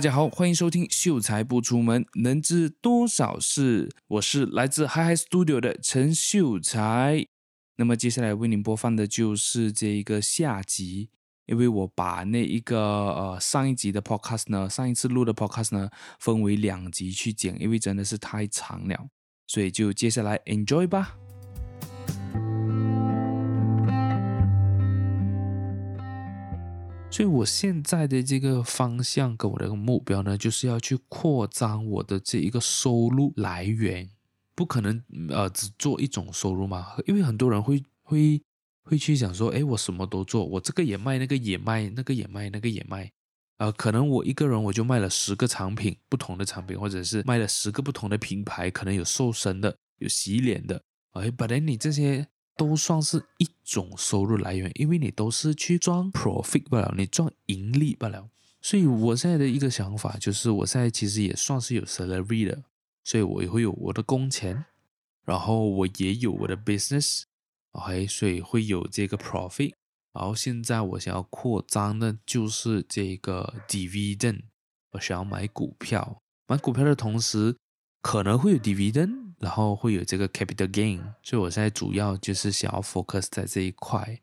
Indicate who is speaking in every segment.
Speaker 1: 大家好，歡迎收聽《秀才不出門，能知多少事》。我是來自 Hyhy Studio 的陳秀才。那麼接下來為您播放的就是這一個下集，因為我把那一個呃上一集的 Podcast 呢，上一次錄的 Podcast 呢，分為兩集去剪，因為真的是太長了，所以就接下來 Enjoy 吧。所以我現在的這個方向跟我的目標呢，就是要去擴張我的這一個收入來源，不可能呃只做一種收入嘛，因為很多人會會會去想說，哎，我什麼都做，我這個也賣，那個也賣，那個也賣，那個也賣，啊、那個呃，可能我一個人我就賣了十個產品，不同的產品，或者是賣了十個不同的品牌，可能有瘦身的，有洗臉的，哎、呃，本來你這些。都算是一種收入來源，因為你都是去賺 profit 不了，你賺盈利不了。所以我現在的一個想法就是，我現在其實也算是有 salary 的，所以我也會有我的工錢，然後我也有我的 business，OK，okay，所以會有這個 profit。然後現在我想要擴張的，就是這個 dividend。我想要買股票，買股票的同時可能會有 dividend。然後會有這個 capital gain，所以我現在主要就是想要 focus 在這一塊。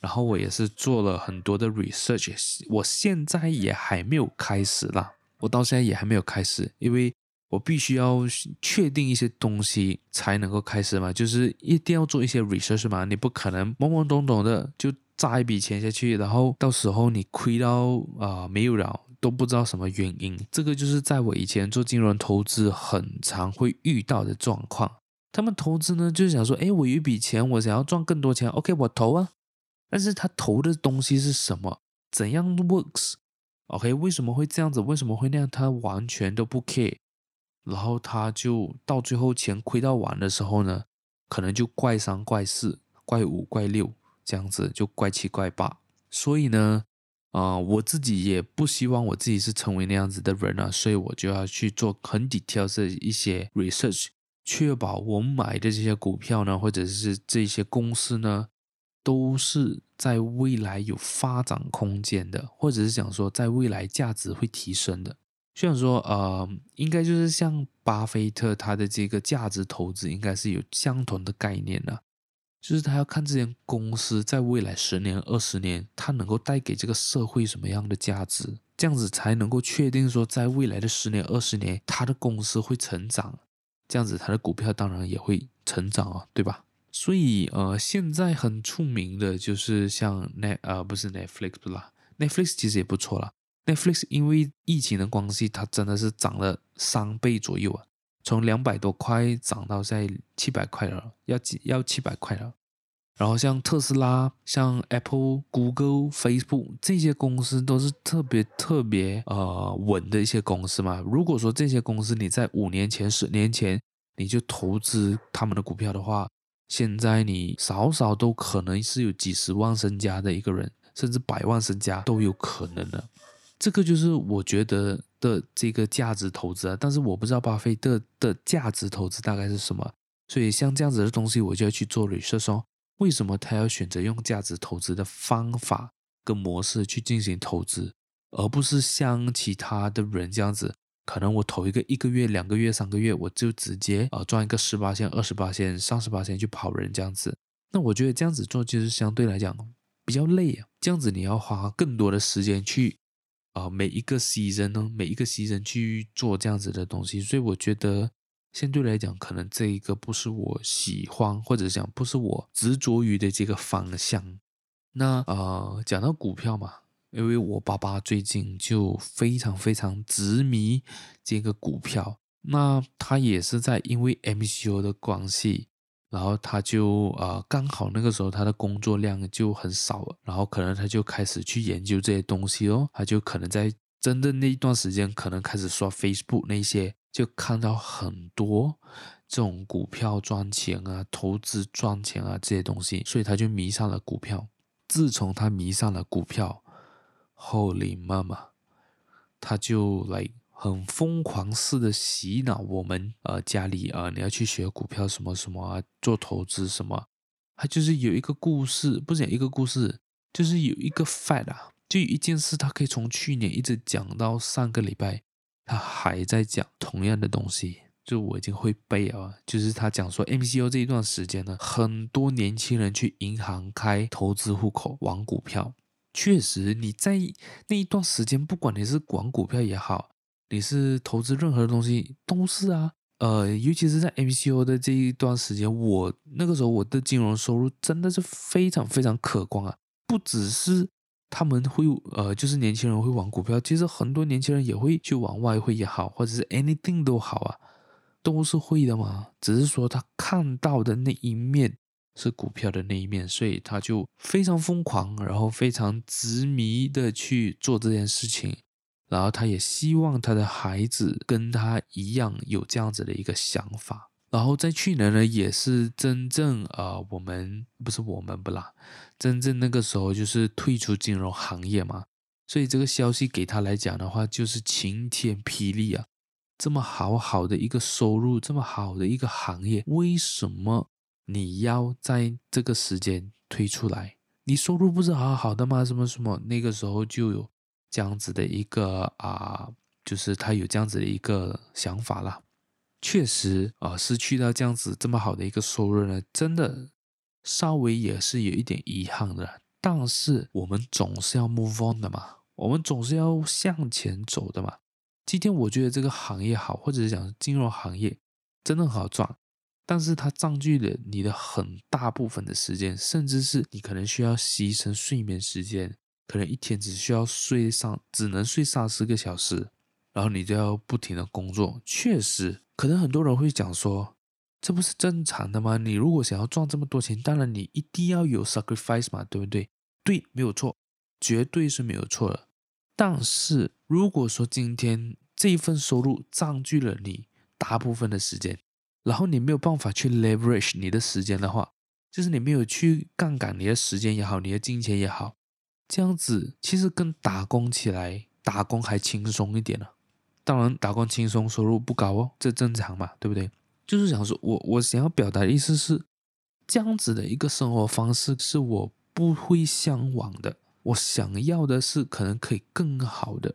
Speaker 1: 然後我也是做了很多的 research，我現在也還沒有開始啦。我到現在也還沒有開始，因為我必須要確定一些東西才能夠開始嘛，就是一定要做一些 research 嘛，你不可能懵懵懂懂的就砸一筆錢下去，然後到時候你虧到啊，呃，沒有了。都不知道什麼原因，這個就是在我以前做金融投資很常會遇到的狀況。他們投資呢，就是想說，哎，我有一筆錢，我想要賺更多錢，OK，我投啊。但是他投的東西是什麼？怎樣 works？OK，為什麼會這樣子？為什麼會那樣？他完全都不 care。然後他就到最後錢虧到完的時候呢，可能就怪三、怪四、怪五、怪六這樣子，就怪七、怪八。所以呢，啊、呃，我自己也不希望我自己是成為那樣子的人啊，所以我就要去做很 detail 的一些 research，確保我買的這些股票呢，或者是這些公司呢，都是在未來有發展空間的，或者是想說在未來價值會提升的。雖然說，呃，應該就是像巴菲特他的這個價值投資，應該是有相同的概念了、啊。就是他要看這間公司在未來十年、二十年，它能夠帶給這個社會什麼樣的價值，這樣子才能夠確定說，在未來的十年、二十年，他的公司會成長，這樣子他的股票當然也會成長啊，對吧？所以呃，現在很出名的就是像 net 呃，啊、不是 Netflix 啦，Netflix 其實也不錯啦，Netflix 因為疫情的關係，它真的是漲了三倍左右啊。從兩百多塊漲到在七百塊了，要幾要七百塊了。然後像特斯拉、像 Apple、Google、Facebook 這些公司都是特別特別呃穩的一些公司嘛。如果說這些公司你在五年前、十年前你就投資他們的股票的話，現在你少少都可能是有幾十萬身家的一個人，甚至百萬身家都有可能的。這個就是我覺得。的這個價值投資啊，但是我不知道巴菲特的、的價值投資大概是什麼，所以像這樣子的東西，我就要去做 research，說為什麼他要選擇用價值投資的方法跟模式去進行投資，而不是像其他的人這樣子？可能我投一個一個月、兩個月、三個月，我就直接啊賺一個十八線、二十八線、三十八線去跑人這樣子。那我覺得這樣子做就是相對來講比較累啊，這樣子你要花更多的時間去。啊、呃，每一個新人呢，每一個新人去做這樣子的東西，所以我覺得相對來講，可能這一個不是我喜歡，或者講不是我執着於的這個方向。那呃，講到股票嘛，因為我爸爸最近就非常非常執迷這個股票，那他也是在因為 MCO 的關係。然後他就呃剛好那個時候他的工作量就很少了，然後可能他就開始去研究這些東西哦，他就可能在真的那一段時間可能開始刷 Facebook 那些，就看到很多這種股票賺錢啊、投資賺錢啊這些東西，所以他就迷上了股票。自從他迷上了股票後，Holy mama，他就來、like。很瘋狂似的洗腦我們，呃，家裡、啊，呃，你要去學股票什麼什麼、啊，做投資什麼、啊，他就是有一個故事，不是講一個故事，就是有一個 fact 啊，就有一件事，他可以從去年一直講到上個禮拜，他還在講同樣的東西，就我已經會背啊，就是他講說，MCO 這一段時間呢，很多年輕人去銀行開投資戶口玩股票，確實你在那一段時間，不管你是玩股票也好。你是投資任何的東西都是啊，呃，尤其是在 MCO 的這一段時間，我那個時候我的金融收入真的是非常非常可觀啊！不只是他們會呃，就是年輕人會玩股票，其實很多年輕人也會去玩外匯也好，或者是 anything 都好啊，都是會的嘛。只是說他看到的那一面是股票的那一面，所以他就非常瘋狂，然後非常執迷的去做這件事情。然後他也希望他的孩子跟他一樣有這樣子的一個想法。然後在去年呢，也是真正啊、呃，我們不是我們不啦，真正那個時候就是退出金融行業嘛。所以這個消息給他來講的話，就是晴天霹靂啊！這麼好好的一個收入，這麼好的一個行業，為什麼你要在這個時間退出來？你收入不是好好的嗎？什麼什麼？那個時候就有。這樣子的一個啊、呃，就是他有這樣子的一個想法啦。確實啊、呃，失去到這樣子這麼好的一個收入呢，真的稍微也是有一點遺憾的。但是我們總是要 move on 的嘛，我們總是要向前走的嘛。今天我覺得這個行業好，或者是講金融行業真的很好賺，但是它佔據了你的很大部分的時間，甚至是你可能需要犧牲睡眠時間。可能一天只需要睡上，只能睡上四個小時，然後你就要不停的工作。確實，可能很多人會講說，這不是正常的嗎？你如果想要賺這麼多錢，當然你一定要有 sacrifice 嘛，對不對？對，沒有錯，絕對是沒有錯的。但是如果說今天這一份收入佔據了你大部分的時間，然後你沒有辦法去 leverage 你的時間的話，就是你沒有去槓桿你的時間也好，你的金錢也好。這樣子其實跟打工起來，打工還輕鬆一點呢、啊。當然打工輕鬆，收入不高哦，這正常嘛，對不對？就是想說，我我想要表達的意思是，這樣子的一個生活方式是我不會向往的。我想要的是可能可以更好的，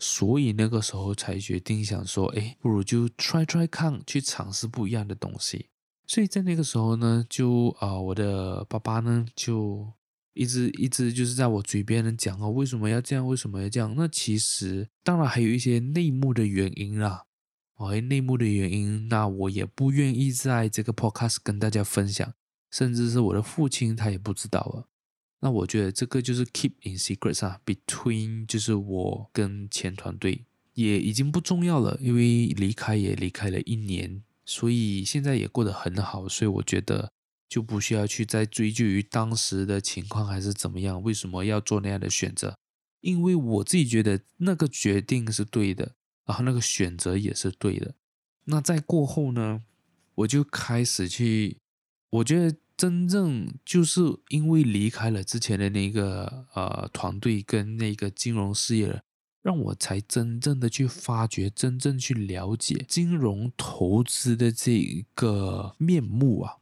Speaker 1: 所以那個時候才決定想說，誒不如就 try try 看，去嘗試不一樣的東西。所以在那個時候呢，就啊、呃，我的爸爸呢就。一直一直就是在我嘴邊講哦，為什麼要這樣？為什麼要這樣？那其實當然還有一些內幕的原因啦，哦，哎，內幕的原因，那我也不願意在這個 podcast 跟大家分享，甚至是我的父親他也不知道啊。那我覺得這個就是 keep in secrets 啊，between 就是我跟前團隊也已經不重要了，因為離開也離開了一年，所以現在也過得很好，所以我覺得。就不需要去再追究於當時的情況還是怎麼樣，為什麼要做那樣的選擇？因為我自己覺得那個決定是對的，然後那個選擇也是對的。那在過後呢，我就開始去，我覺得真正就是因為離開了之前的那個呃團隊跟那個金融事業了，讓我才真正的去發掘、真正去了解金融投資的這一個面目啊。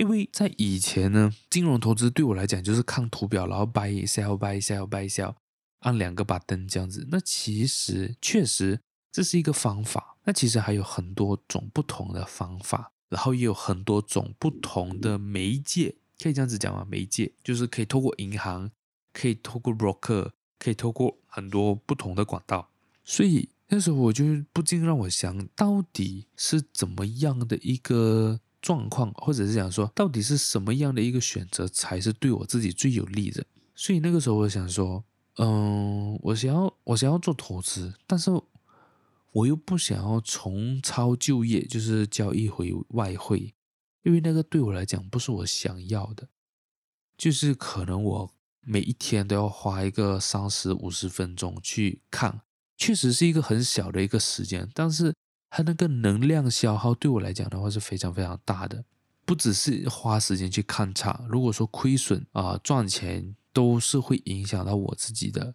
Speaker 1: 因為在以前呢，金融投資對我來講就是看圖表，然後 buy sell buy sell buy sell 按兩個把燈這樣子。那其實確實這是一個方法，那其實還有很多種不同的方法，然後也有很多種不同的媒介，可以這樣子講嗎？媒介就是可以透過銀行，可以透過 broker，可以透過很多不同的管道。所以那時候我就不禁讓我想到底是怎麼樣的一個。狀況，或者是想說，到底是什麼樣的一個選擇才是對我自己最有利的？所以那個時候，我想說，嗯，我想要，我想要做投資，但是我又不想要重操舊業，就是交易回外匯，因為那個對我來講不是我想要的，就是可能我每一天都要花一個三十五十分鐘去看，確實是一個很小的一個時間，但是。它那個能量消耗對我來講的話是非常非常大的，不只是花時間去看它，如果說虧損啊、呃、賺錢都是會影響到我自己的，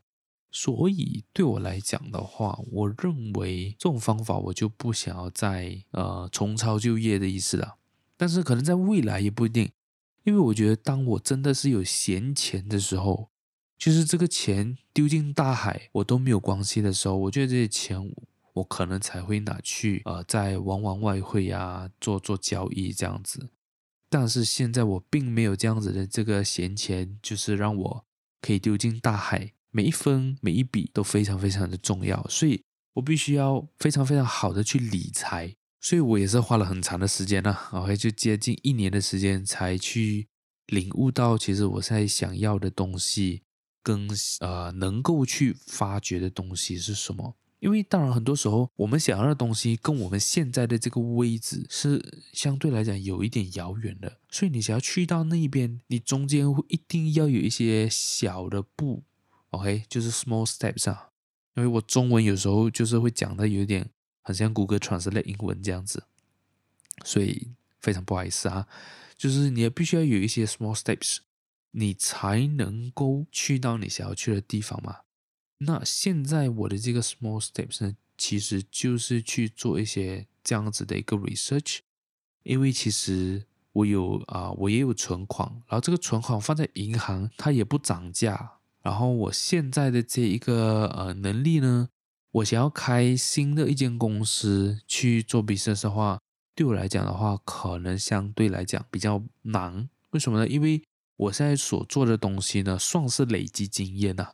Speaker 1: 所以對我來講的話，我認為這種方法我就不想要再呃重操舊業的意思了。但是可能在未來也不一定，因為我覺得當我真的是有閒錢的時候，就是這個錢丟進大海我都沒有關係的時候，我覺得這些錢。我可能才會拿去，呃，在玩玩外匯啊，做做交易這樣子。但是現在我並沒有這樣子的這個閒錢，就是讓我可以丟進大海，每一分每一筆都非常非常的重要，所以我必須要非常非常好的去理財。所以我也是花了很長的時間呢，啊，OK，啊，就接近一年的時間才去領悟到，其實我現在想要的東西跟呃能夠去發掘的東西是什麼。因為當然，很多時候我們想要的東西跟我們現在的這個位置是相對來講有一點遙遠的，所以你想要去到那一邊，你中間會一定要有一些小的步，OK，就是 small steps 啊。因為我中文有時候就是會講的有點很像 Google translate 英文這樣子，所以非常不好意思啊，就是你必須要有一些 small steps，你才能夠去到你想要去的地方嘛。那現在我的這個 small steps 呢，其實就是去做一些這樣子的一個 research，因為其實我有啊，我也有存款，然後這個存款放在銀行，它也不漲價。然後我現在的這一個呃能力呢，我想要開新的一間公司去做 business 的話，對我來講的話，可能相對來講比較難。為什麼呢？因為我現在所做的東西呢，算是累積經驗吶、啊。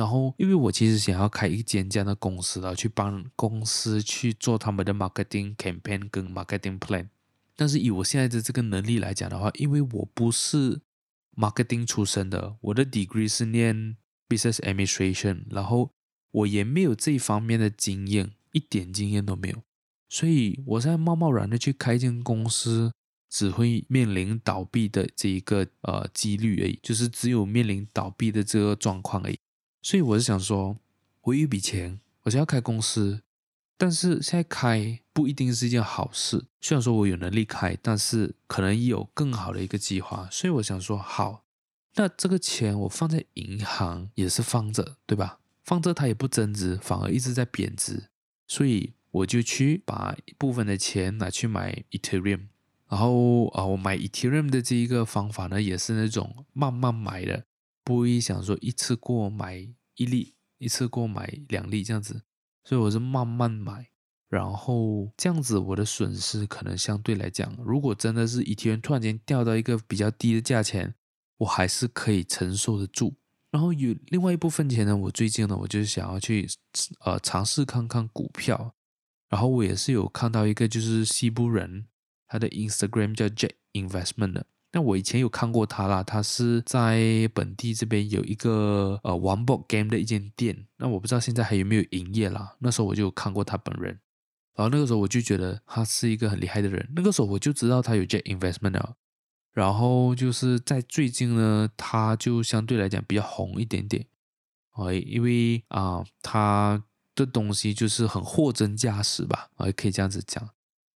Speaker 1: 然後，因為我其實想要開一間這樣的公司，然後去幫公司去做他們的 marketing campaign 跟 marketing plan。但是以我現在的這個能力來講的話，因為我不是 marketing 出身的，我的 degree 是念 business administration，然後我也沒有這方面的經驗，一點經驗都沒有。所以，我在貿貿然的去開一間公司，只會面臨倒閉的這一個呃幾率而已，就是只有面臨倒閉的這個狀況而已。所以我是想說，我有一筆錢，我想要開公司，但是現在開不一定是一件好事。雖然說我有能力開，但是可能有更好的一個計劃。所以我想說，好，那這個錢我放在銀行也是放着，對吧？放着它也不增值，反而一直在貶值。所以我就去把一部分的錢拿去買 Ethereum，然後啊，我買 Ethereum 的這一個方法呢，也是那種慢慢買的。不會想說一次過買一粒，一次過買兩粒這樣子，所以我是慢慢買，然後這樣子我的損失可能相對來講，如果真的是 ETN 突然間掉到一個比較低的價錢，我還是可以承受得住。然後有另外一部分錢呢，我最近呢，我就想要去呃嘗試看看股票，然後我也是有看到一個就是西部人，他的 Instagram 叫 Jet Investment 的。那我以前有看過他啦，他是在本地這邊有一個呃 One Book Game 的一間店，那我不知道現在還有沒有營業啦。那時候我就有看過他本人，然後那個時候我就覺得他是一個很厲害的人。那個時候我就知道他有 Jet Investment 了，然後就是在最近呢，他就相對來講比較紅一點點啊，因為啊、呃、他的東西就是很貨真價實吧，啊可以這樣子講。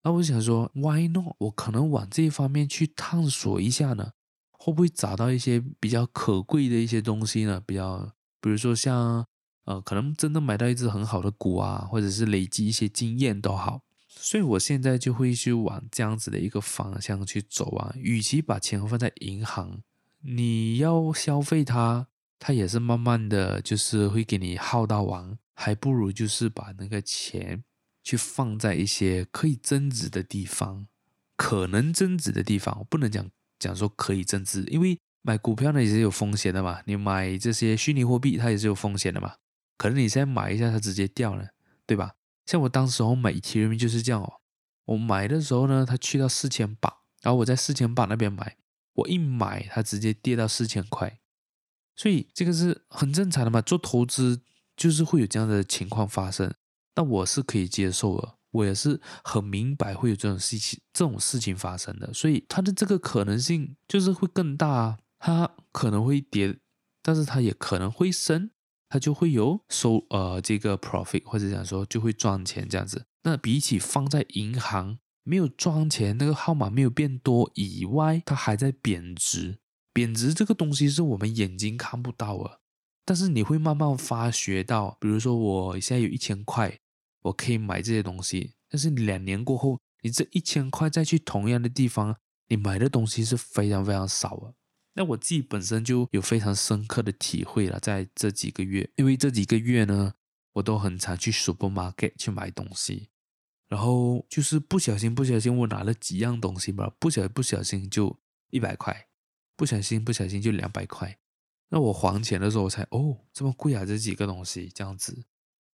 Speaker 1: 那我想說，Why not？我可能往這一方面去探索一下呢，會不會找到一些比較可貴的一些東西呢？比較，比如說像，呃，可能真的買到一只很好的股啊，或者是累積一些經驗都好。所以我現在就會去往這樣子的一個方向去走啊。與其把錢放在銀行，你要消費它，它也是慢慢的就是會給你耗到完，還不如就是把那個錢。去放在一些可以增值的地方，可能增值的地方，我不能講講說可以增值，因為買股票呢也是有風險的嘛，你買這些虛擬貨幣它也是有風險的嘛，可能你現在買一下它直接掉了，對吧？像我當時候買一期人民幣就是這樣哦，我買的時候呢，它去到四千八，然後我在四千八那邊買，我一買它直接跌到四千塊，所以這個是很正常的嘛，做投資就是會有這樣的情況發生。那我是可以接受的，我也是很明白，會有這種事情這種事情發生的，所以它的這個可能性就是會更大啊，它可能會跌，但是它也可能會升，它就會有收呃這個 profit 或者講說就會賺錢這樣子。那比起放在銀行沒有賺錢，那個號碼沒有變多以外，它還在貶值，貶值這個東西是我們眼睛看不到的。但是你會慢慢發覺到，比如說我現在有一千塊，我可以買這些東西。但是兩年過後，你這一千塊再去同樣的地方，你買的東西是非常非常少啊。那我自己本身就有非常深刻的體會了，在這幾個月，因為這幾個月呢，我都很常去 supermarket 去買東西，然後就是不小心，不小心我拿了幾樣東西吧，不小，不小心就一百塊，不小心，不小心就兩百塊。那我還錢的時候，我才哦，這麼貴啊，這幾個東西這樣子。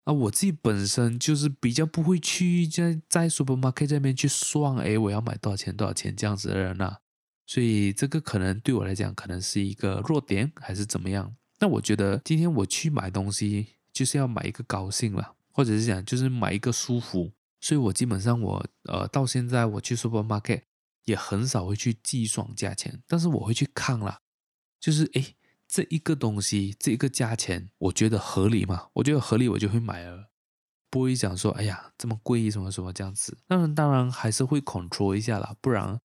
Speaker 1: 那我自己本身就是比較不會去在在 supermarket 這邊去算，哎，我要買多少錢多少錢這樣子的人啊，所以這個可能對我來講可能是一個弱點還是怎麼樣？那我覺得今天我去買東西就是要買一個高興啦，或者是講就是買一個舒服，所以我基本上我，呃，到現在我去 supermarket 也很少會去計算價錢，但是我會去看啦，就是哎。這一個東西，這一個價錢，我覺得合理嘛，我覺得合理，我就會買了，不會講說，哎呀，這麼貴，什麼什麼這樣子。當然，當然還是會 control 一下啦，不然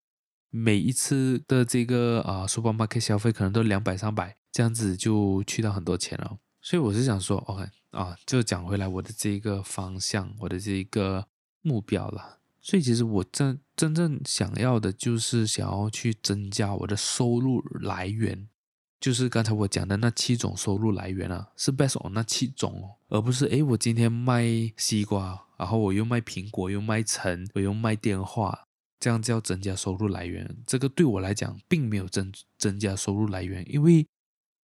Speaker 1: 每一次的這個啊、呃，Supermarket 消費可能都兩百三百這樣子，就去到很多錢了哦。所以我是想說，OK 啊，就講回來我的這一個方向，我的這一個目標了。所以其實我真真正想要的，就是想要去增加我的收入來源。就是剛才我講的那七種收入來源啊，是 based on 那七種哦，而不是哎，我今天賣西瓜，然後我又賣蘋果，又賣橙，我又賣電話，這樣叫增加收入來源。這個對我來講並沒有增增加收入來源，因為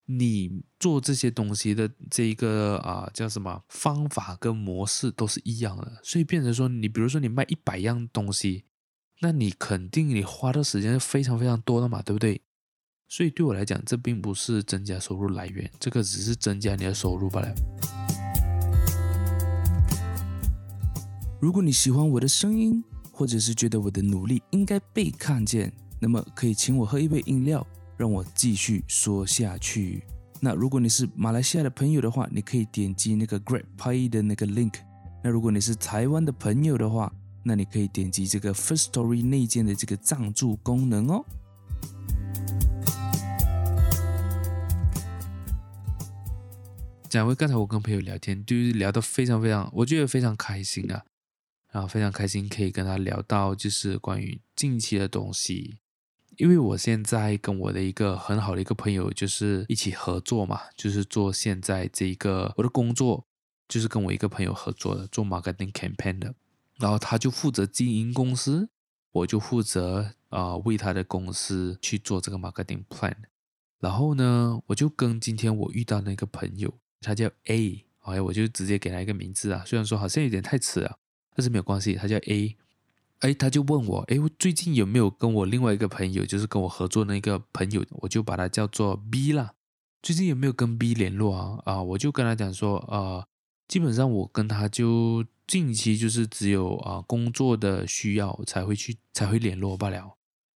Speaker 1: 你做這些東西的這個啊叫什麼方法跟模式都是一樣的，所以變成說你比如說你賣一百樣東西，那你肯定你花的時間是非常非常多的嘛，對不對？所以對我來講，這並不是增加收入來源，這個只是增加你的收入罷了。如果你喜歡我的聲音，或者是覺得我的努力應該被看見，那麼可以請我喝一杯飲料，讓我繼續說下去。那如果你是馬來西亞的朋友的話，你可以點擊那個 Grab Pay 的那個 link。那如果你是台灣的朋友的話，那你可以點擊這個 Firstory 內建的這個贊助功能哦。講回剛才我跟朋友聊天，就是聊得非常非常，我覺得非常開心啊，然後、啊、非常開心可以跟他聊到就是關於近期的東西，因為我現在跟我的一個很好的一個朋友就是一起合作嘛，就是做現在這一個我的工作，就是跟我一個朋友合作的，做 marketing campaign 的，然後他就負責經營公司，我就負責啊、呃、為他的公司去做這個 marketing plan，然後呢，我就跟今天我遇到那個朋友。他叫 A，哎，我就直接給他一個名字啊，雖然說好像有點太遲了，但是沒有關係，他叫 A。哎，他就問我，誒、哎，我最近有沒有跟我另外一個朋友，就是跟我合作那個朋友，我就把他叫做 B 了。最近有沒有跟 B 聯絡啊？啊，我就跟他講說，呃，基本上我跟他就近期就是只有啊、呃、工作的需要才會去才會聯絡罷了。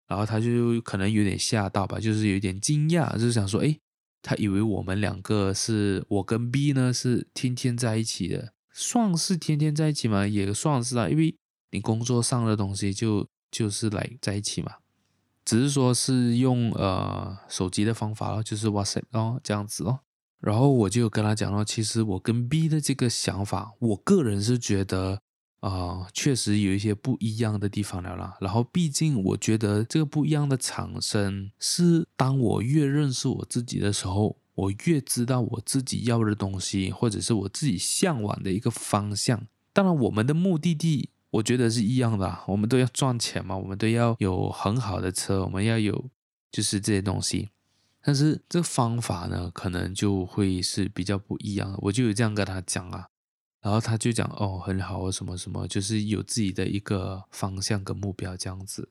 Speaker 1: 然後他就可能有點嚇到吧，就是有點驚訝，就是想說，誒、哎。他以為我們兩個是我跟 B 呢，是天天在一起的。算是天天在一起嘛，也算是啊，因為你工作上的東西就就是來在一起嘛，只是說是用呃手機的方法，就是 WhatsApp 哦，這樣子哦，然後我就跟他講了，其實我跟 B 的這個想法，我個人是覺得。啊、呃，確實有一些不一樣的地方了啦。然後，畢竟我覺得這個不一樣的產生是，當我越認識我自己的時候，我越知道我自己要的東西，或者是我自己向往的一個方向。當然，我們的目的地，我覺得是一樣的，我們都要賺錢嘛，我們都要有很好的車，我們要有就是這些東西。但是，這個方法呢，可能就會是比較不一樣的。我就有這樣跟他講啊。然後他就講哦，很好，什麼什麼，就是有自己的一個方向跟目標這樣子。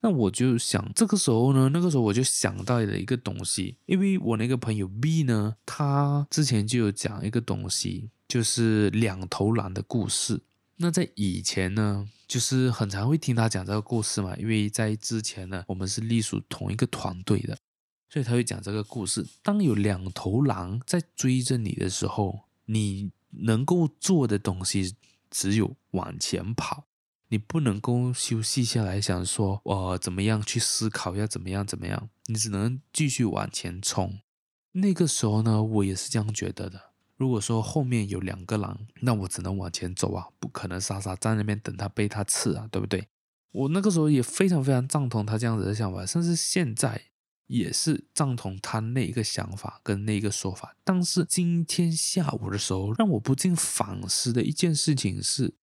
Speaker 1: 那我就想，這個時候呢，那個時候我就想到了一個東西，因為我那個朋友 B 呢，他之前就有講一個東西，就是兩頭狼的故事。那在以前呢，就是很常會聽他講這個故事嘛，因為在之前呢，我們是隸屬同一個團隊的，所以他會講這個故事。當有兩頭狼在追着你的時候，你，能夠做的東西只有往前跑，你不能夠休息下來想說，我、呃、怎麼樣去思考要怎麼樣怎麼樣，你只能繼續往前衝。那個時候呢，我也是這樣覺得的。如果說後面有兩個狼，那我只能往前走啊，不可能傻傻站在那邊等他被他刺啊，對不對？我那個時候也非常非常贊同他這樣子的想法，甚至現在也是贊同他那一個想法跟那一個說法，但是今天下午的時候，讓我不禁反思的一件事情是，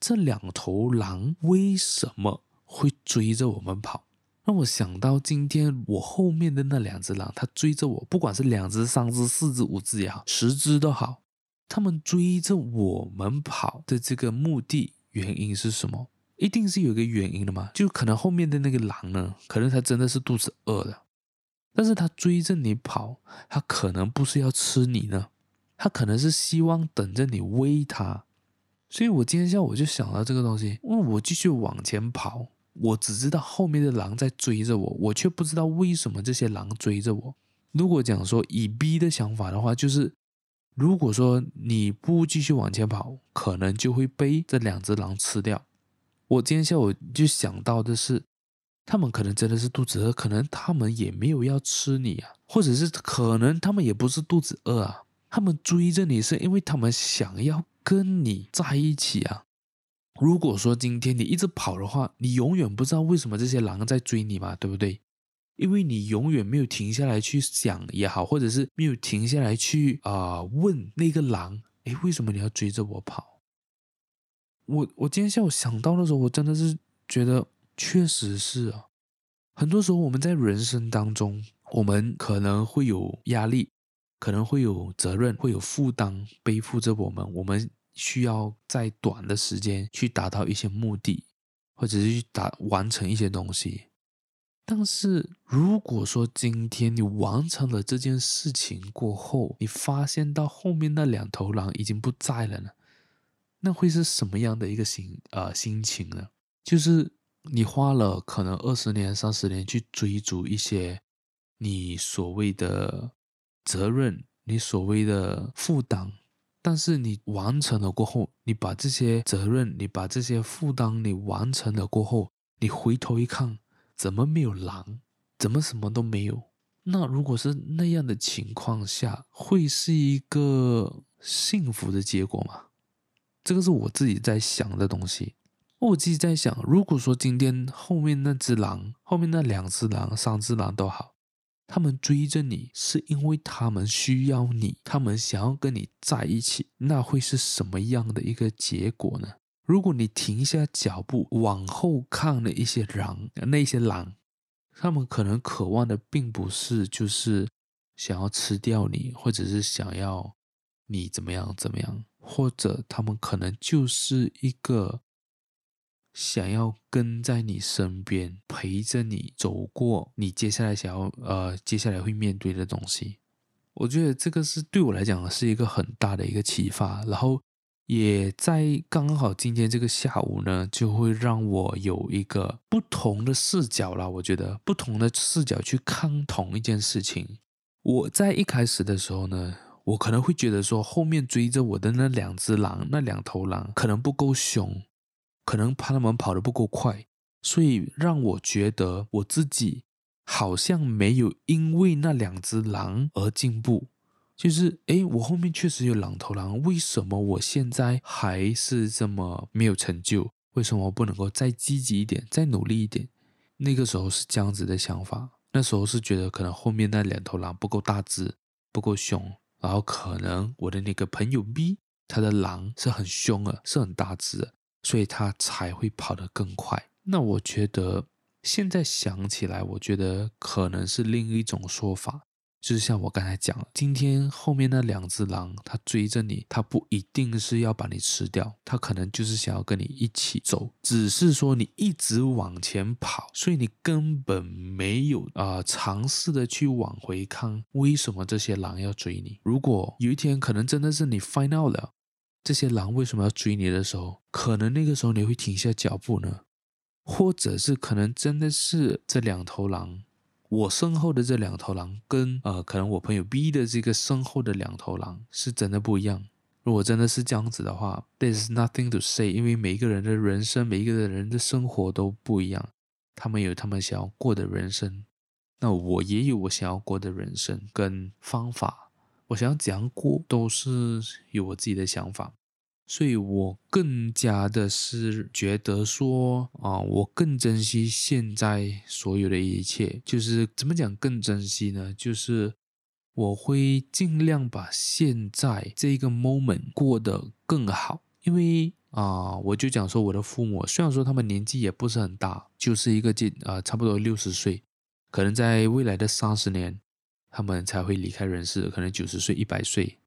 Speaker 1: 這兩頭狼為什麼會追着我們跑？讓我想到今天我後面的那兩只狼，它追着我，不管是兩只、三只、四隻、五只也好，十只都好，他們追着我們跑的這個目的原因是什麼？一定是有一個原因的嘛？就可能後面的那個狼呢，可能它真的是肚子餓了。但是他追着你跑，他可能不是要吃你呢，他可能是希望等着你餵他。所以我今天下午就想到這個東西，因為我繼續往前跑，我只知道後面的狼在追着我，我卻不知道為什麼這些狼追着我。如果講說以 B 的想法的話，就是如果說你不繼續往前跑，可能就會被這兩隻狼吃掉。我今天下午就想到的是。他們可能真的是肚子餓，可能他們也沒有要吃你啊，或者是可能他們也不是肚子餓啊，他們追着你是因為他們想要跟你在一起啊。如果說今天你一直跑的話，你永遠不知道為什麼這些狼在追你嘛，對不對？因為你永遠沒有停下來去想也好，或者是沒有停下來去啊、呃、問那個狼，誒，為什麼你要追着我跑？我我今天下午想到的時候，我真的是覺得。確實是啊，很多時候我們在人生當中，我們可能會有壓力，可能會有責任，會有負擔，背負着我們。我們需要在短的時間去達到一些目的，或者是去達完成一些東西。但是如果說今天你完成了這件事情過後，你發現到後面那兩頭狼已經不在了呢，那會是什麼樣的一個心，呃，心情呢？就是。你花了可能二十年、三十年去追逐一些你所謂的責任、你所謂的負擔，但是你完成了過後，你把這些責任、你把這些負擔，你完成了過後，你回頭一看，怎麼沒有狼？怎麼什麼都沒有？那如果是那樣的情況下，會是一個幸福的結果嗎？這個是我自己在想的東西。我自己在想，如果說今天後面那只狼，後面那兩只狼、三只狼都好，他們追着你是因為他們需要你，他們想要跟你在一起，那會是什麼樣的一個結果呢？如果你停下腳步，往後看了一些狼，那些狼，他們可能渴望的並不是就是想要吃掉你，或者是想要你怎麼樣怎麼樣，或者他們可能就是一個。想要跟在你身邊，陪着你走過你接下來想要呃接下來會面對的東西，我覺得這個是對我來講是一個很大的一個啟發。然後也在剛剛好今天這個下午呢，就會讓我有一個不同的視角啦，我覺得不同的視角去看同一件事情。我在一開始的時候呢，我可能會覺得說後面追着我的那兩隻狼，那兩頭狼可能不夠兇。可能怕他們跑得不夠快，所以讓我覺得我自己好像沒有因為那兩只狼而進步。就是，哎，我後面確實有兩頭狼，為什麼我現在還是這麼沒有成就？為什麼我不能夠再積極一點，再努力一點？那個時候是這樣子的想法，那時候是覺得可能後面那兩頭狼不夠大只，不夠凶，然後可能我的那個朋友 B 他的狼是很凶啊，是很大只的。所以他才會跑得更快。那我覺得現在想起來，我覺得可能是另一種說法，就是像我剛才講，今天後面那兩只狼，它追着你，它不一定是要把你吃掉，它可能就是想要跟你一起走。只是說你一直往前跑，所以你根本沒有啊、呃、嘗試的去往回看，為什麼這些狼要追你？如果有一天，可能真的是你 find out 了。這些狼為什麼要追你的時候，可能那個時候你會停下腳步呢？或者是可能真的是這兩頭狼，我身後的這兩頭狼跟，跟呃可能我朋友 B 的這個身後的兩頭狼是真的不一樣。如果真的是這樣子的話，there's nothing to say，因為每一個人的人生，每一個人的生活都不一樣，他們有他們想要過的人生，那我也有我想要過的人生跟方法。我想怎樣過都是有我自己的想法，所以我更加的是覺得說啊、呃，我更珍惜現在所有的一切。就是怎麼講更珍惜呢？就是我會盡量把現在這一個 moment 過得更好。因為啊、呃，我就講說我的父母，雖然說他們年紀也不是很大，就是一個近啊、呃，差不多六十歲，可能在未來的三十年。他們才會離開人世，可能九十歲、一百歲。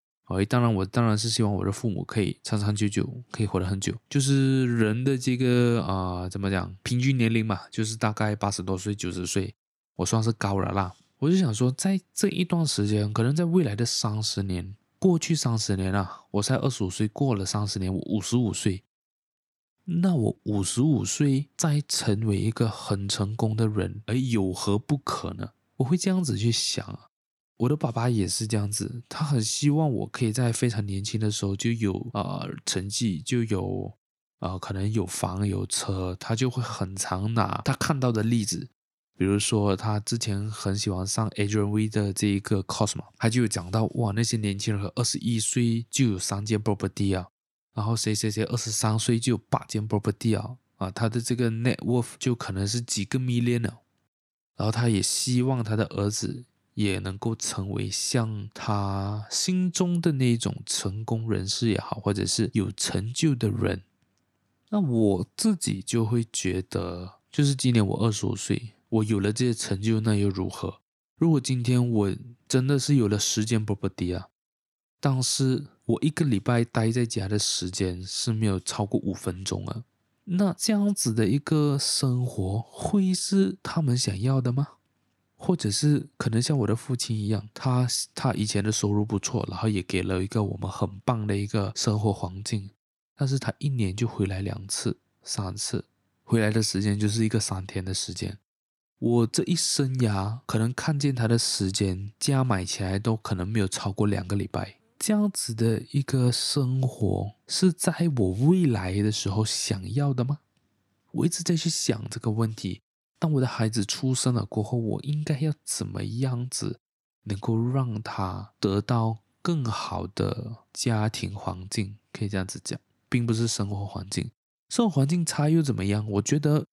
Speaker 1: 當然，我當然是希望我的父母可以長長久久，可以活得很久。就是人的這個啊、呃，怎麼講？平均年齡嘛，就是大概八十多歲、九十歲，我算是高了啦。我就想說，在這一段時間，可能在未來的三十年，過去三十年啊，我才二十五歲，過了三十年，我五十五歲。那我五十五歲再成為一個很成功的人，而、哎、有何不可呢？我會這樣子去想啊。我的爸爸也是這樣子，他很希望我可以在非常年輕的時候就有啊、呃、成績，就有啊、呃、可能有房有車，他就會很常拿他看到的例子，比如說他之前很喜歡上 H N V 的這一個 Cosmo，他就有講到哇，那些年輕人和二十一歲就有三件 property 啊，然後誰誰誰二十三歲就有八件 property 啊啊，他的這個 Net Worth 就可能是幾個 Million，、啊、然後他也希望他的兒子，也能夠成為像他心中的那種成功人士也好，或者是有成就的人。那我自己就會覺得，就是今年我二十五歲，我有了這些成就，那又如何？如果今天我真的是有了時間，不不低啊，但是我一個禮拜待在家的時間是沒有超過五分鐘啊。那這樣子的一個生活，會是他們想要的嗎？或者是可能像我的父親一樣，他他以前的收入不錯，然後也給了一個我們很棒的一個生活環境，但是他一年就回來兩次、三次，回來的時間就是一個三天的時間。我這一生涯可能看見他的時間加買起來都可能沒有超過兩個禮拜，這樣子的一個生活是在我未來的時候想要的嗎？我一直在去想這個問題。當我的孩子出生了過後，我應該要怎麼樣子能夠讓他得到更好的家庭環境？可以這樣子講，並不是生活環境，生活環境差又怎麼樣？我覺得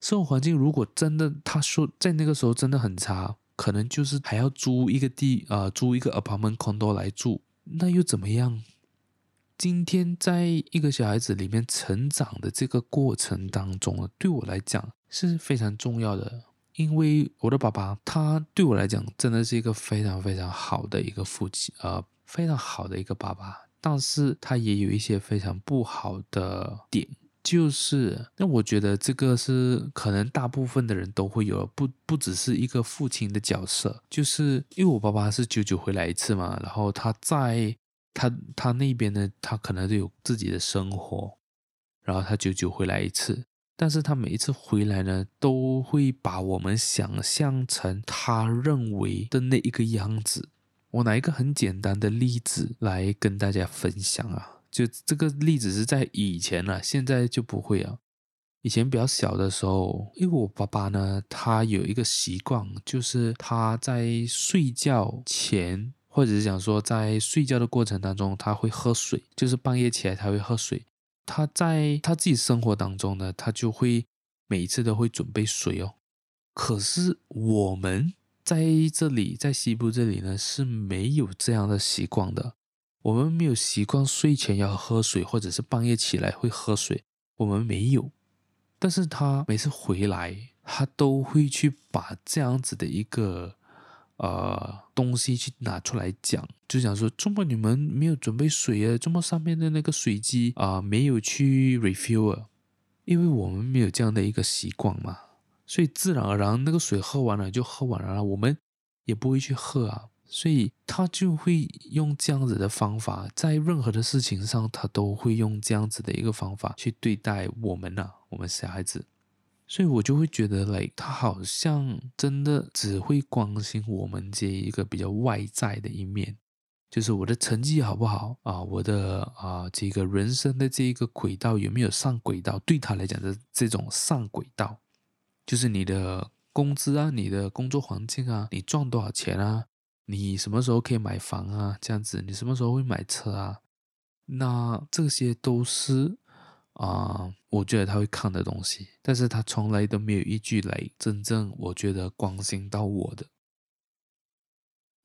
Speaker 1: 生活環境如果真的他說在那個時候真的很差，可能就是還要租一個地啊，呃，租一個 apartment condo 來住，那又怎麼樣？今天在一個小孩子裡面成長的這個過程當中，對我來講。是非常重要的，因為我的爸爸他對我來講真的是一個非常非常好的一個父親，呃，非常好的一個爸爸。但是他也有一些非常不好的點，就是那我覺得這個是可能大部分的人都會有不，不不只是一個父親的角色，就是因為我爸爸是久久回來一次嘛，然後他在他他那邊呢，他可能就有自己的生活，然後他久久回來一次。但是他每一次回來呢，都會把我們想象成他認為的那一個樣子。我拿一個很簡單的例子來跟大家分享啊，就這個例子是在以前啊，現在就不會啊。以前比較小的時候，因為我爸爸呢，他有一個習慣，就是他在睡覺前，或者是想說在睡覺的過程當中，他會喝水，就是半夜起來他會喝水。他在他自己生活當中呢，他就會每一次都會準備水哦。可是我們在這裡，在西部這裡呢，是沒有這樣的習慣的。我們沒有習慣睡前要喝水，或者是半夜起來會喝水，我們沒有。但是他每次回來，他都會去把這樣子的一個。呃，東西去拿出來講，就想說，怎麼你們沒有準備水啊？怎麼上面的那個水機啊、呃，沒有去 refill？因為我們沒有這樣的一個習慣嘛，所以自然而然那個水喝完了就喝完了，我們也不會去喝啊，所以他就會用這樣子的方法，在任何的事情上，他都會用這樣子的一個方法去對待我們吶、啊，我們小孩子。所以我就會覺得，like 他好像真的只會關心我們這一個比較外在的一面，就是我的成績好不好啊，我的啊這個人生的這一個軌道有沒有上軌道？對他來講的這種上軌道，就是你的工資啊，你的工作環境啊，你賺多少錢啊，你什麼時候可以買房啊，這樣子，你什麼時候會買車啊？那這些都是啊。我覺得他會看的東西，但是他從來都沒有一句來真正我覺得關心到我的。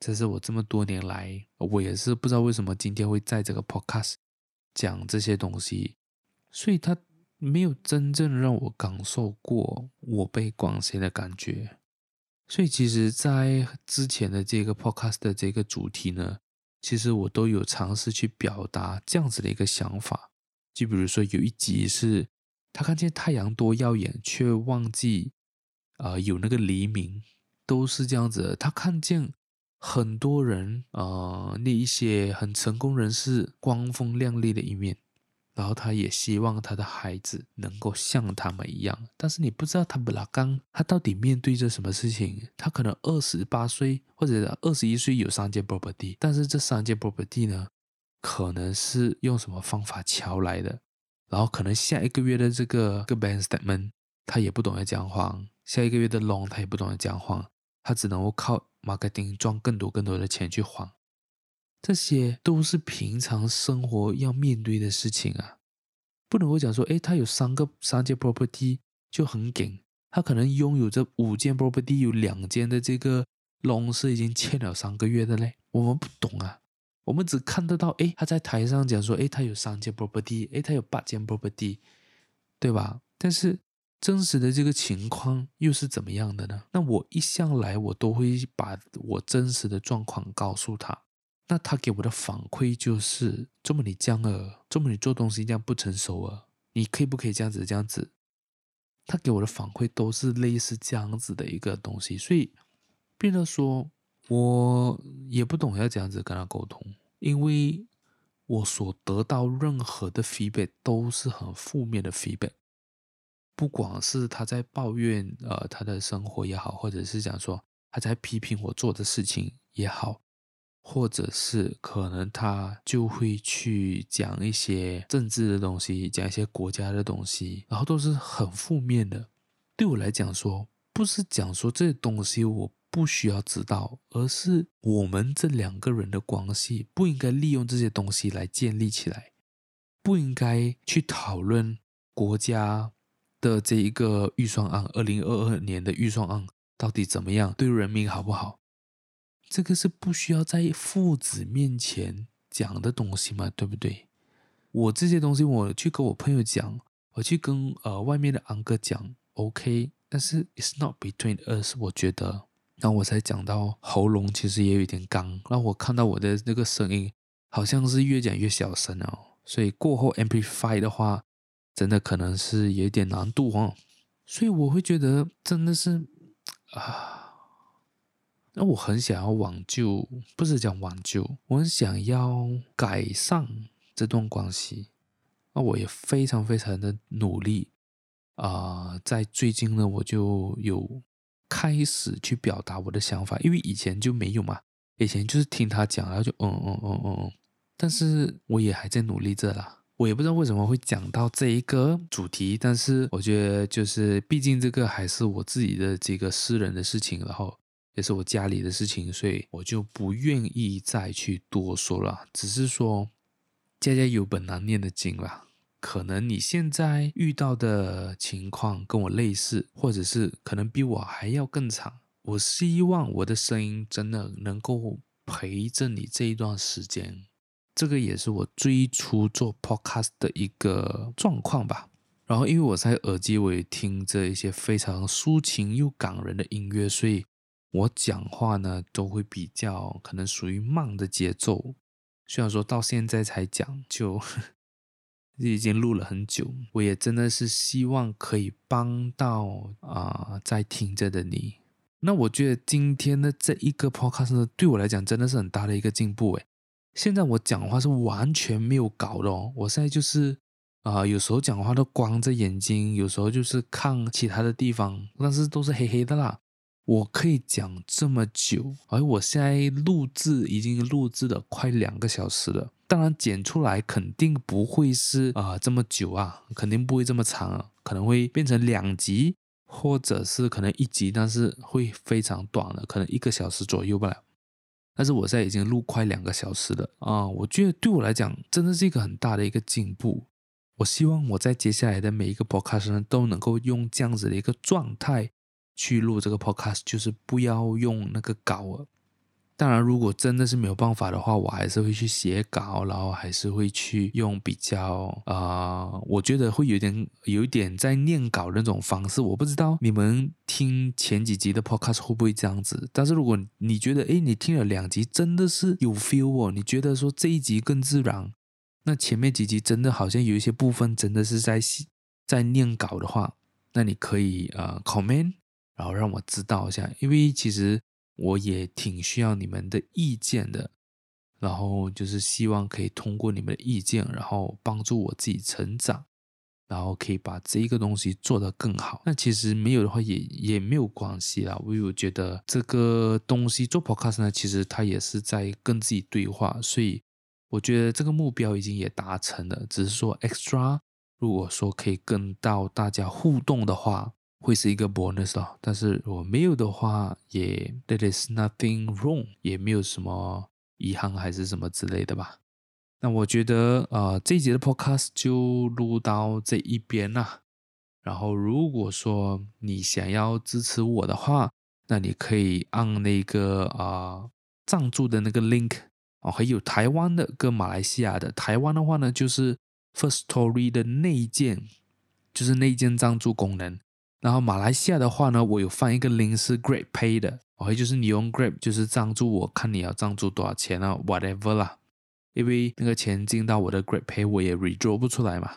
Speaker 1: 這是我這麼多年來，我也是不知道為什麼今天會在這個 podcast 講這些東西，所以他沒有真正讓我感受過我被關心的感覺。所以其實，在之前的這個 podcast 的這個主題呢，其實我都有嘗試去表達這樣子的一個想法，就比如說有一集是。他看見太陽多耀眼，卻忘記，啊、呃，有那個黎明，都是這樣子的。他看見很多人啊、呃，那一些很成功人士光鮮亮麗的一面，然後他也希望他的孩子能夠像他們一樣。但是你不知道他本來剛，他到底面對着什麼事情？他可能二十八歲或者二十一歲有三件 property，但是這三件 property 呢，可能是用什麼方法敲來的？然後可能下一個月的這個個 bank statement，他也不懂得講謊。下一個月的 loan，他也不懂得講謊。他只能夠靠 marketing 賺更多更多的錢去還。這些都是平常生活要面對的事情啊。不能夠講說，哎，他有三個三件 property 就很緊。他可能擁有這五件 property，有兩間的這個 loan 是已經欠了三個月的嘞。我們不懂啊。我們只看得到，哎，他在台上講說，哎，他有三間 property，哎，他有八間 property，對吧？但是真實的這個情況又是怎麼樣的呢？那我一向來，我都會把我真實的狀況告訴他，那他給我的反饋就是：你這麼你這樣啊，這麼你做東西這樣不成熟啊，你可以不可以這樣子？這樣子？他給我的反饋都是類似這樣子的一個東西，所以變得說。我也不懂要怎樣子跟他溝通，因為我所得到任何的 feedback 都是很負面的 feedback，不管是他在抱怨呃他的生活也好，或者是講說他在批評我做的事情也好，或者是可能他就會去講一些政治的東西，講一些國家的東西，然後都是很負面的。對我來講說，不是講說這東西我。不需要知道，而是我們這兩個人的關係不應該利用這些東西來建立起來，不應該去討論國家的這一個預算案，二零二二年的預算案到底怎麼樣，對人民好不好？這個是不需要在父子面前講的東西嘛？對不對？我這些東西，我去跟我朋友講，我去跟呃外面的安哥講，OK，但是 it's not between us，我覺得。那我才講到喉嚨其實也有點乾，然後我看到我的那個聲音好像是越講越小聲哦，所以過後 amplify 的話，真的可能是有點難度哦，所以我會覺得真的是啊，那我很想要挽救。不是講挽救，我很想要改善這段關係，那我也非常非常的努力啊、呃，在最近呢我就有。開始去表達我的想法，因為以前就沒有嘛，以前就是聽他講，然後就嗯嗯嗯嗯嗯。但是我也還在努力着啦，我也不知道為什麼會講到這一個主題，但是我覺得就是，畢竟這個還是我自己的這個私人的事情，然後也是我家裡的事情，所以我就不願意再去多說了，只是說家家有本難念的經啦。可能你現在遇到的情況跟我類似，或者是可能比我還要更長。我希望我的聲音真的能夠陪着你這一段時間。這個也是我最初做 podcast 的一個狀況吧。然後，因為我在耳機我也聽着一些非常抒情又感人的音樂，所以我講話呢都會比較可能屬於慢的節奏。雖然說到現在才講就。已經錄了很久，我也真的是希望可以幫到啊、呃、在聽着的你。那我覺得今天的這一個 podcast 對我來講真的是很大的一個進步誒。現在我講話是完全沒有稿的哦，我現在就是啊、呃，有時候講話都光着眼睛，有時候就是看其他的地方，但是都是黑黑的啦。我可以講這麼久，而且我現在錄製已經錄製了快兩個小時了。當然，剪出來肯定不會是啊、呃、這麼久啊，肯定不會這麼長，啊，可能會變成兩集，或者是可能一集，但是會非常短的，可能一個小時左右吧。但是我現在已經錄快兩個小時了啊、呃！我覺得對我來講，真的是一個很大的一個進步。我希望我在接下來的每一個 podcast 呢，都能夠用這樣子的一個狀態去錄這個 podcast，就是不要用那個稿了。當然，如果真的是沒有辦法的話，我還是會去寫稿，然後還是會去用比較啊、呃，我覺得會有點有一點在念稿那種方式。我不知道你們聽前幾集的 podcast 會不會這樣子。但是如果你覺得，誒你聽了兩集真的是有 feel 哦，你覺得說，這一集更自然，那前面幾集真的好像有一些部分真的是在在念稿的話，那你可以啊、呃、comment，然後讓我知道一下，因為其實。我也挺需要你們的意見的，然後就是希望可以通過你們的意見，然後幫助我自己成長，然後可以把這一個東西做得更好。那其實沒有的話也也沒有關係啦。我有我覺得這個東西做 podcast 呢，其實它也是在跟自己對話，所以我覺得這個目標已經也達成了，只是說 extra，如果說可以跟到大家互動的話。會是一個 bonus 哦，但是我沒有的話也，也 There is nothing wrong，也沒有什麼遺憾還是什麼之類的吧。那我覺得，呃，這一集的 podcast 就錄到這一邊啦、啊。然後，如果說你想要支持我的話，那你可以按那個啊、呃、贊助的那個 link 哦、呃，還有台灣的跟馬來西亞的。台灣的話呢，就是 First Story 的內建，就是內建贊助功能。然後馬來西亞的話呢，我有放一個 link 是 GrabPay 的，哦，就是你用 Grab 就是贊助我，看你要贊助多少錢啊，whatever 啦，因為那個錢進到我的 GrabPay 我也 withdraw 不出來嘛，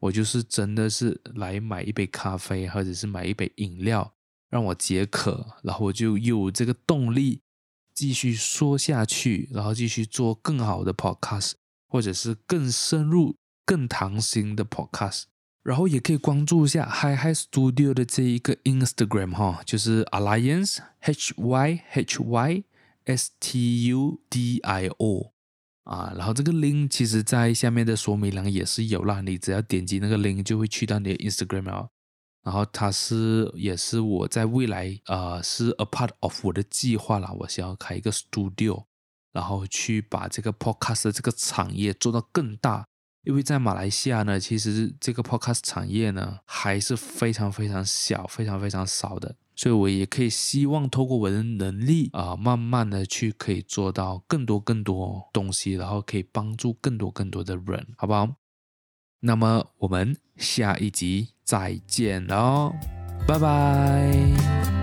Speaker 1: 我就是真的是來買一杯咖啡或者是買一杯飲料讓我解渴，然後我就有這個動力繼續說下去，然後繼續做更好的 podcast 或者是更深入、更長型的 podcast。然後也可以關注一下 Hyhy Studio 的這一個 Instagram 哈，就是 Alliance H Y H Y S T U D I O 啊。然後這個 link 其實在下面的說明欄也是有啦，你只要點擊那個 link 就會去到你的 Instagram 啊。然後它是也是我在未來啊、呃、是 a part of 我的計劃啦，我想要開一個 studio，然後去把這個 podcast 這個產業做到更大。因為在馬來西亞呢，其實這個 podcast 產業呢還是非常非常小，非常非常少的，所以我也可以希望透過我的能力啊、呃，慢慢的去可以做到更多更多東西，然後可以幫助更多更多的人，好不好？那麼我們下一集再見嘍，拜拜。